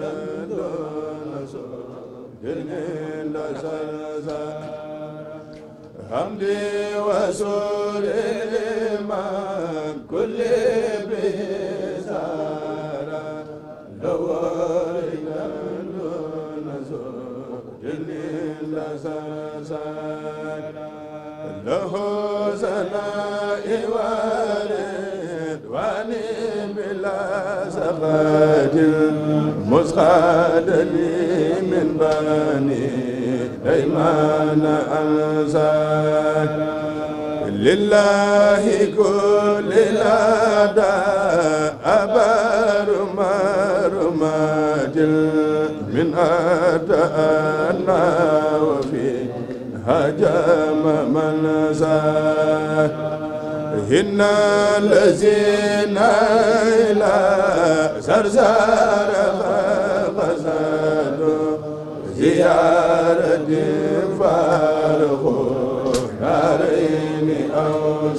له سنائي غادر مسخاد لي من بني أيمان أنزاك لله كل الأعداء أبار مرماج من أدانا وفي هجم من زاك هن الذين إلى زرزار غزلوا زيارة فارغوا دارين أو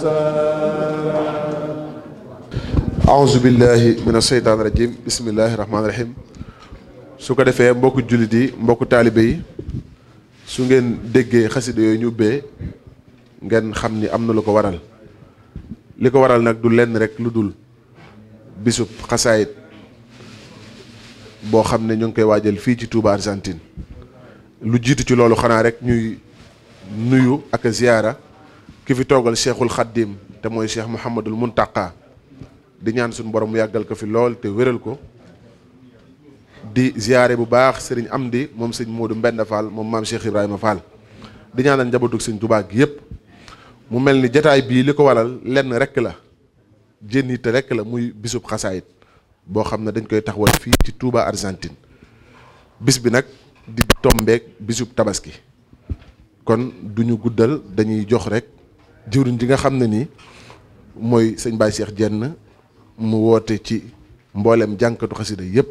su ko defee mbokku jullit yi mbokku taalibe yi su ngeen déggee xasida yooyu ñu ubbee ngeen xam ni am na lu ko waral li ko waral nag du lenn rek lu dul bisub xasaayit boo xam ne ñoo ngi koy waajal fii ci Touba Argentine lu jiitu ci loolu xanaa rek ñuy nuyu ak a ziyaara ki fi toogal cheikhul xaddim te mooy cheikh Mouhamadul Muntaqa di ñaan suñu borom mu yàggal ko fi lool te wéral ko di ziyaare bu baax sëriñ di moom sëñ Modou mbenn Fall moom maam Cheikh Ibrahima Fall di ñaanal njabootug sëñ Touba gi yëpp. mu mel ni jataay bii li ko waral lenn rekk la jénni te rekk la muy bisub xasaayit boo xam ne dañ koy taxawal fii ci Touba Argentine bis bi nag di tombeek bisub tabaski kon duñu guddal dañuy jox rek jëwriñ ji nga xam ne nii mooy sëñ Baye Cheikh Jenn mu woote ci mbooleem jànkatu xasida yépp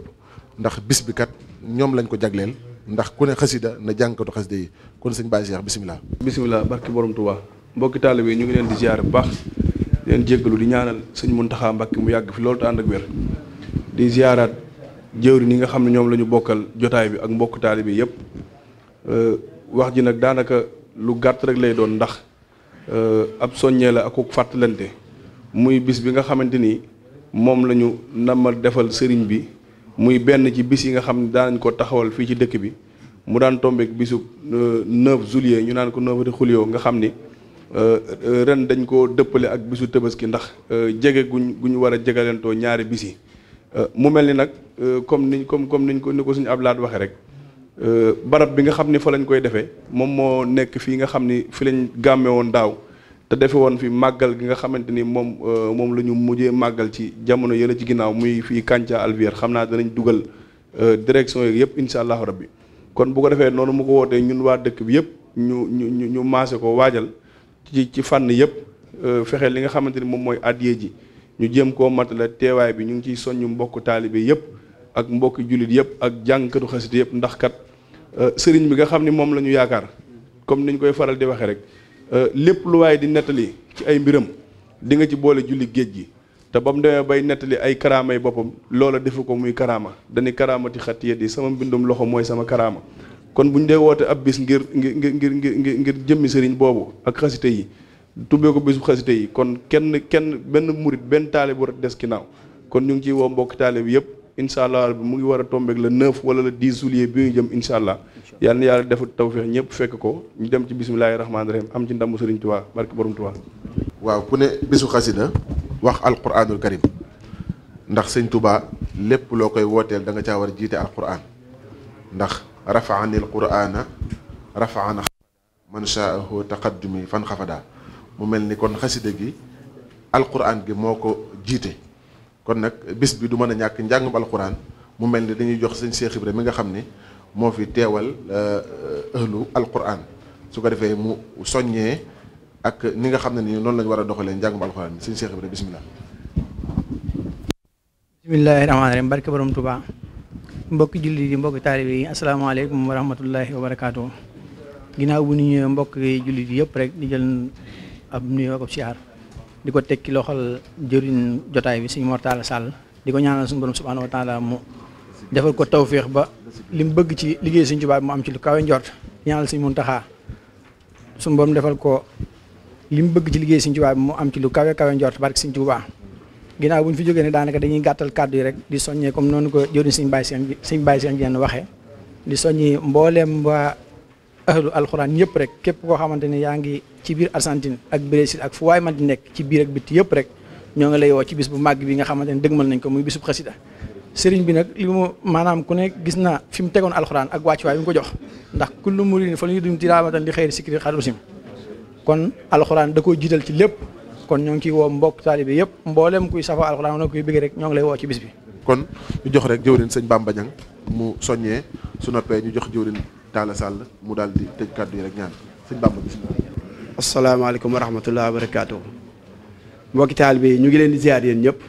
ndax bis bi kat ñoom lañ ko jagleel ndax ku ne xasida na jànkatu xasida yi kon sëñ Baye Cheikh bisimilah. bisimilah barki borom Touba. mbokki taalibe yi ñu ngi leen di ziar bu baax di leen jéggalu di ñaanal sëñ Muntaxa Mbàkke mu yàgg fi loolu te ànd ak wer di ziaraat jëwri ni nga xam ne ñoom la ñu bokkal jotaay bi ak mbokk taalibe yëpp euh, wax ji nag daanaka lu gàtt rek lay doon ndax euh, ab soññee la ak fàttalante muy bis bi nga xamante ni moom lañu ndamal defal sëriñ bi muy benn ci bis yi nga xam ne daanañ ko taxawal fii ci dëkk bi mu daan tombeek bisu 9 euh, juillet ñu naan ko 9 de julio nga xam ni Euh, euh, ren dañ ko dëppale ak bisu tëbëski ndax euh, jege guñ gu ñu war a jegalentoo ñaari bis yi mu mel ni nag comme niñ comme comme niñ ko ni ko suñu ablaat waxee rek barab bi nga xam ni fa lañ koy defee moom moo nekk fii nga xam ni fi lañ gàmme woon daaw te defe woon fi màggal gi nga xamante ni moom moom la ñu mujjee màggal ci jamono yële ci ginnaaw muy fii Kanca Alvière xam naa danañ dugal direction yeeg yëpp incha allahu rabbi kon bu ko defee noonu mu ko wootee ñun waa dëkk bi yëpp ñu ñu ñu ñu maase ko waajal ci ci fànn yëpp euh, fexe li nga xamante ni moom mooy addiye ji ñu jéem koo matale teewaay bi ñu ngi ciy soññu mbokk taalibe yëpp ak mbokki jullit yëpp ak jàngkatu xasida yëpp ndax kat euh, sëriñ bi nga xam ni moom la ñu yaakaar comme niñ koy faral di waxee rek euh, lépp lu waaye di nettali ci ay mbiram di nga ci boole julli géej gi te ba mu demee bay nettali ay karaamay boppam loola defu ko muy karaama dañuy karaamati xat yi sama mbindum loxo mooy sama karaama kon bu ñu dee woote ab bis ngir ngir ngir ngir ngir jëmmi sëriñ boobu ak xasité yi tubbee ko bisu xasité yi kon kenn kenn benn murit benn taalibe war a des ginnaaw kon ñu ngi ciy woo mbokki taalibe yëpp incha allah mu ngi war a tombeeg le 9 wala le 10 juillet bi ñu jëm incha allah yal na yàlla def tawféex ñëpp fekk ko ñu dem ci bisimilahi rahmaani rahim am ci ndamu sëriñ Tuubaa barke borom Tuubaa waaw ku ne bisu xasida wax alquranul karim ndax sëñ Tuubaa lépp loo koy wooteel da nga caa war a jiite alquran ndax rafaani alquraana rafaana man shaahu taqaddumi fan xafadaa mu mel ni kon xasida gi alquran gi moo ko jiite kon nag bis bi du mën a ñàkk njàngum alquran mu mel ni dañuy jox sëñ Cheikh Ibra mi nga xam ni moo fi teewal ëhlu euh, alquran su ko defee mu soññee ak ni nga xam ne nii noonu lañu war a doxalee njàngum alquran bi sëñ Cheikh Ibra bismillah bismillahi rahmaani rahim barke borom Tuubaa mbokki jullit yi mbokki taalibe yi asalaamaaleykum wa rahmatullahi wa ginnaaw bu ñu ñëwee mbokk jullit yëpp rek di jël ab nuyoo ko siyaar di ko tekki loxol jëriñ jotaay bi suñu Mortalla Sall di ko ñaanal su borom subhaanahu wa mu defal ko tawféex ba li mu bëgg ci liggéey suñu tubaab mu am ci lu kawe njort ñaanal suñu Muntaxa suñu borom defal ko li mu bëgg ci liggéey suñu tubaab mu am ci lu kawe kawe njort barke suñu Tuubaa ginnaaw bu ñu fi jógee ne daanaka dañuy gàttal kàddu yi rek di soññee comme noonu ko jëriñ suñ bàyyi seen suñ bàyyi seen jenn waxee di soññi mbooleem waa ahlu alxuraan ñëpp rek képp koo xamante ne yaa ngi ci biir Argentine ak Brésil ak fu waay man di nekk ci biir ak bitti yëpp rek ñoo ngi lay woo ci bis bu màgg bi nga xamante ne dëgmal nañ ko muy bisub xasida sëriñ bi nag li mu maanaam ku ne gis na fi mu tegoon alxuraan ak wàccuwaay bi mu ko jox ndax kullu muridin fa lu ñu dum tiraamatan li xëyri sikri xalusim kon alxuraan da koo jiital ci lépp kon ñoo ngi ciy woo mbokk taalibe yëpp mbooleem kuy safa alxuraan wala kuy bëgg rek ñoo ngi lay woo ci bis bi. kon ñu jox rek jëwrin sañ Bamba Ñang mu soññee su noppee ñu jox jëwrin Talla sàll mu daal di tëj yi rek ñaan sëñ Bamba bismillah. asalaamaaleykum wa rahmatulah wa ñu ngi leen di ziar yéen ñëpp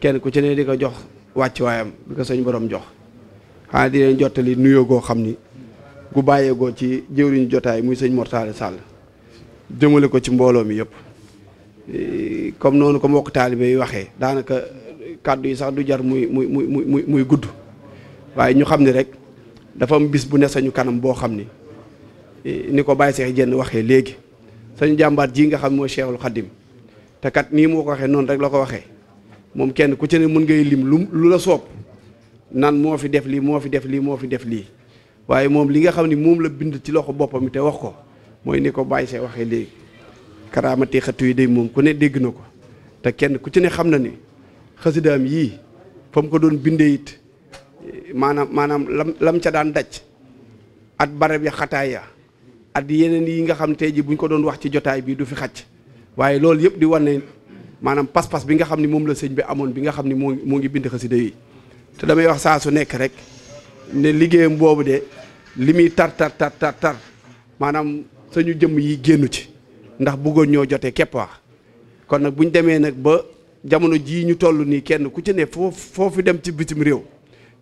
kenn ku ci ne jox wàcc waayam sëñ borom jox xanaa di leen jottali nuyoo goo xam ni gu bàyyeegoo ci jëwriñu jotaay muy sëñ Mor Talla Sall jëmale ko ci mbooloo mi yëpp. comme noonu ko mbokk taalibe yi waxee daanaka kàddu yi sax du jar muy muy muy muy muy gudd waaye ñu xam ne rek dafa am bis bu ne sañu kanam boo xam ni e, ni ko Baye Cheikh jenn waxee léegi sañu jàmbaar jii nga xam mooy Cheikhul Khadim te kat nii moo ko waxee noonu rek la ko waxee moom kenn ku ci ne mën ngay lim lu lu la soob nan moo fi def lii moo fi def lii moo fi def lii waaye moom li nga xam ni moom la bind ci loxo boppam te wax ko mooy ni ko Baye Cheikh waxee léegi. karaamati xatu yi day moom ku ne dégg na ko te kenn ku ci ne xam na ni xasidaam yii fa mu ko doon bindee maanaam maanaam lam lam ca daan daj at barab ya xataaya at yeneen yi nga xam tey ji buñ ko doon wax ci jotaay bii du fi xaj waaye loolu yëpp di wane maanaam pas-pas bi nga xam ni moom la sëñ bi amoon bi nga xam ni moo moo ngi bind xasida yi te damay wax saa su nekk rek ne liggéeyam boobu de li muy tar tar tar tar tar maanaam sañu jëmm yi génnu ci ndax bëggoon ñoo jotee kepp wax kon nag bu ñu demee nag ba jamono jii ñu toll nii kenn ku ci ne foo foofu dem ci bitim réew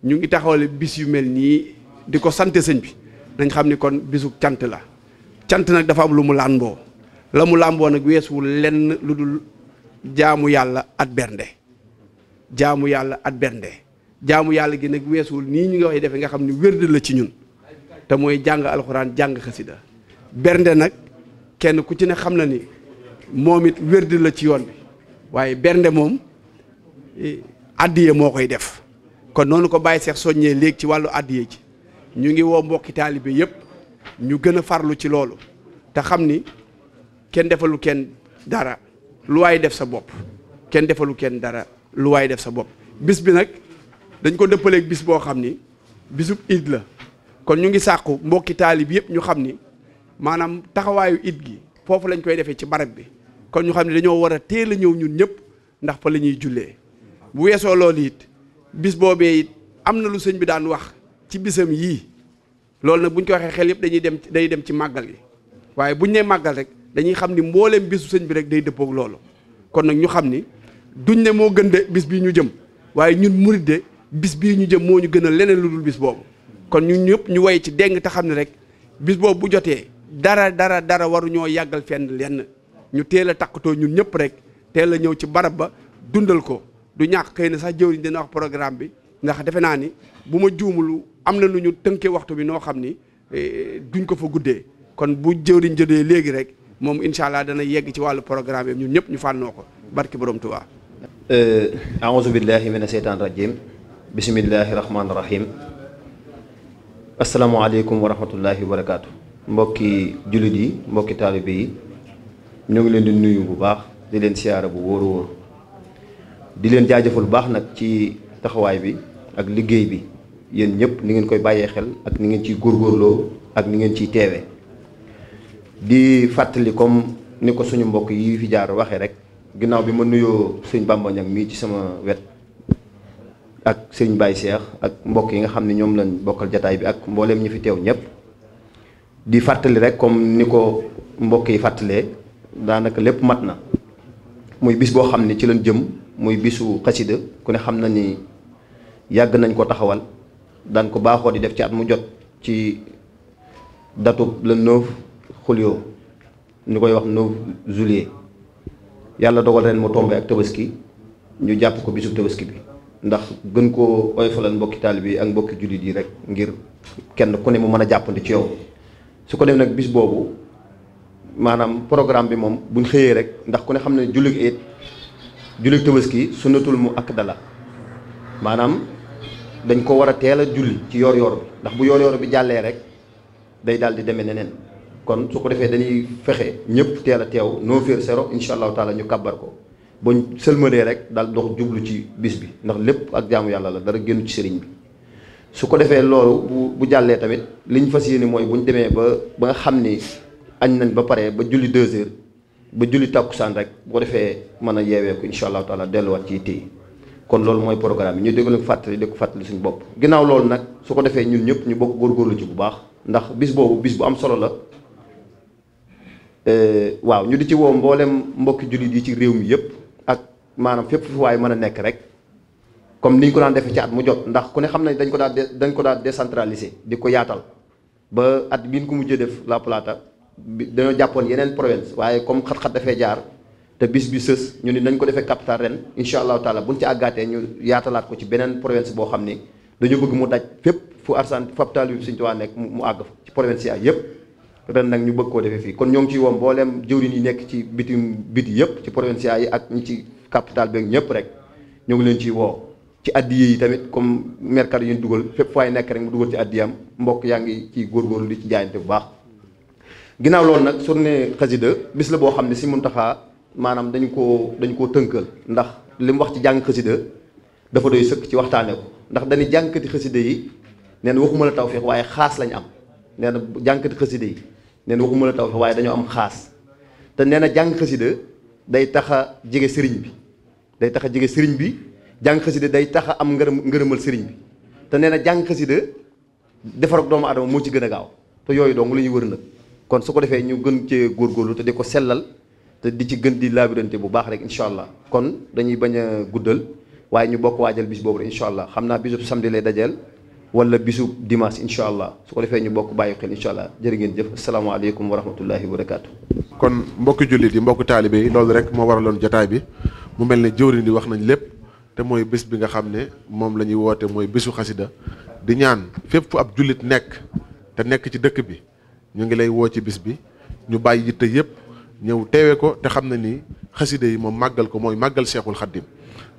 ñu ngi taxawale bis yu mel nii di ko sant sëñ bi nañ xam ni kon bisu cant la cant nag dafa am lu mu làmboo la mu làmboo nag weesuwul lenn lu dul jaamu yàlla ak bernde jaamu yàlla ak bernde jaamu yàlla gi nag weesuwul nii ñu ngi koy defe nga xam ni wérd la ci ñun te mooy jàng alxuraan jàng xasida bernde nag kenn ku ci ne xam na ni moom it wérdi la ci yoon bi waaye bernde moom eh, addiye moo koy def kon noonu ko bàyyi seex soññee léegi ci wàllu addiye ji ñu ngi woo mbokki taalibe yëpp ñu gën a farlu ci loolu te xam ni kenn defalu kenn dara lu waay def sa bopp kenn defalu kenn dara lu waay def sa bopp bis bi nag dañ ko dëppaleeg bis boo xam ni bisub iid la kon ñu ngi sàqu mbokki taalib yëpp ñu xam ni maanaam taxawaayu it gi foofu lañ koy defee ci barab bi kon ñu xam ne dañoo war a teel ñëw ñun ñëpp ndax fa la ñuy jullee bu weesoo loolu it bis boobee it am na lu sëñ bi daan wax ci bisam yii loolu nag buñ ko waxee xel yëpp dañuy dem day dem ci màggal gi waaye buñ ne màggal rek dañuy xam ni mbooleem bisu sëñ bi rek day dëppoog loolu kon nag ñu xam ni duñ ne moo gën de bis bii ñu jëm waaye ñun murit de bis bii ñu jëm moo ñu gën a leneen lu dul bis boobu kon ñun ñëpp ñu way ci deng te xam ne rek bis boobu bu jotee dara dara dara waruñoo yàggal fenn lenn ñu teel a takkatoo ñun ñëpp rek teel a ñëw ci barab ba dundal ko du ñàkk xëy na sax jëwriñ dina wax programme bi ndax defe naa ni bu ma juumulu am na lu ñu tënkee waxtu bi noo xam ni eh, duñ ko fa guddee kon bu jëwriñ jëdee léegi rek moom incha allah dana yegg ci wàllu programme ñun ñëpp ñu fànnoo ko barki borom Tuubaa eh, aouzu billahi mina seytaan rajim bismillahi rahmaani rahim asalaamaaleykum wa rahmatullahi wa barakaatu mbokki jullit yi mbokki taalibe yi ñoo ngi leen di nuyu bu baax di leen siyaara bu wóor wóor di leen jaajëfal bu baax nag ci taxawaay bi ak liggéey bi yéen ñëpp ni ngeen koy bàyyee xel ak ni ngeen góor góorloo ak ni ngeen ciy teewee di fàttali comme ni ko suñu mbokk yi fi jaar waxee rek ginnaaw bi ma nuyoo sëñ Bamba mii ci sama wet ak sëñ Baye Cheikh ak mbokk yi nga xam ne ñoom lañ bokkal jataay bi ak mbooleem ñi fi teew ñëpp di fàttali rek comme ni ko mbokk yi fàttalee daanaka lépp mat na muy bis boo xam ne ci lañ jëm muy bisu xasida ku ne xam na ni yàgg nañ ko taxawal daan ko baaxoo di def ci at mu jot ci datub la 9 xulyo ñu koy wax 9 juillet yàlla dogal ren mu tombe ak tabaski ñu jàpp ko bisub tabaski bi ndax gën koo oyfalal mbokki taalibe yi ak mbokki jullit yi rek ngir kenn ku ne mu mën a jàppandi ci yow su ko defee nag bis boobu maanaam programme bi moom buñ xëyee rek ndax ku ne xam ne jullit it jullit tabaski sunnatul mu ak dala maanaam dañ ko war a teel a julli ci yoor yoor bi ndax bu yor-yor bi jàllee rek day dal di demee neneen kon su ko defee dañuy fexe ñëpp teel a teew noo féer sero incha allahu taala ñu kàbbar ko bañ sëlmadee rek daal dox jublu ci bis bi ndax lépp ak jaamu yàlla la dara génn ci sëriñ bi. su ko defee loolu bu bu jàllee tamit li ñu fas yéene mooy bu ñu demee ba ba nga xam ni añ nañ ba pare ba julli deux heures ba julli tàkkusaan rek bu ko defee mën a yeeweeku incha allahu taala delluwaat ci téye kon loolu mooy programme bi ñu dégg fàttali di ko fàttali suñu bopp. ginnaaw loolu nag su ko defee ñun ñëpp ñu bokk góorgóorlu ci bu baax ndax bis boobu bis bu am solo la euh, waaw ñu di ci woo mbooleem mbokki jullit yi ci réew mi yëpp ak maanaam fépp fu mën a nekk rek. comme ni ñu ko daan defe ci at mu jot ndax ku ne xam nañ dañ ko daan dañ ko daan décentraliser di ko yaatal ba at biin ko mujjee def La Plata bi dañoo jàppoon yeneen province waaye comme xat-xat dafee jaar te bis bi sës ñu ni nañ ko defee capital ren incha allahu bu buñ ci àggaatee ñu yaatalaat ko ci beneen province boo xam ni dañu bëgg mu daj fépp fu arsan fu yu taalibe Sëriñ Tuubaa nekk mu àgg fa ci province yi yëpp ren nag ñu bëgg koo defee fii kon ñoo ngi ciy woom mbooleem jëwriñ yi nekk ci bitim biti yëpp ci province yi ak ñi ci capital beeg ñëpp rek ñoo ngi leen ciy woo ci addiya yi tamit comme merkat yi dugal fépp fooy nekk rek mu dugal ci addiyam mbokk yaa ngi ci góor góorgóorlu di ci jaayante bu baax ginnaaw loolu nag journée xasida bis la boo xam ne si mun Muntaxa maanaam dañu koo dañu koo tënkal ndax li mu wax ci jàng xasida dafa doy sëkk ci waxtaane ko ndax dañuy jànkati xasida yi nee na waxuma la tawféex waaye xaas lañ am nee na jànkati xasida yi neen na waxuma la tawféex waaye dañoo am xaas te nee na jàng xasida day tax a jege sëriñ bi day tax a jege bi jàng xasida day tax a am ngërëm ngërëmal sëriñ bi te nee na jàng xasida defar ak doomu adama moo ci gën a gaaw te yooyu dong la ñuy wër nag kon su ko defee ñu gën cee góorgóorlu te di ko sellal te di ci gën di laabirante bu baax rek incha allah kon dañuy bañ a guddal waaye ñu bokk waajal bis boobu rek incha allah xam naa bisub samedi lay dajeel wala bisu dimanche incha allah su ko defee ñu bokk bàyyi xel incha allah jërë ngeen jëf asalaamaaleykum wa rahmatullahi kon mbokki jullit yi mbokki taalibe yi loolu rek moo waraloon jotaay bi mu mel ne jëwriñ di wax nañ lépp. te mooy bis bi nga xam ne moom la ñuy woote mooy bisu xasida di ñaan fépp fu ab jullit nekk te nekk ci dëkk bi ñu ngi lay woo ci bis bi ñu bàyyi yitte yëpp ñëw teewe ko te xam na ni xasida yi moom màggal ko mooy màggal Seexul Xaddim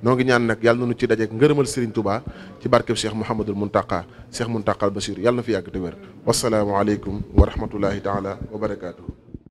noo ngi ñaan nag yàlla na nu ci dajeek ngërëmal Serigne tubaa ci barkeb Cheikh Mouhamadul Mountakha Cheikh Mountakha Bachir yàlla na fi yàgg te wér wasalaamualeykum wa rahmatullahi taala wa barakaatu.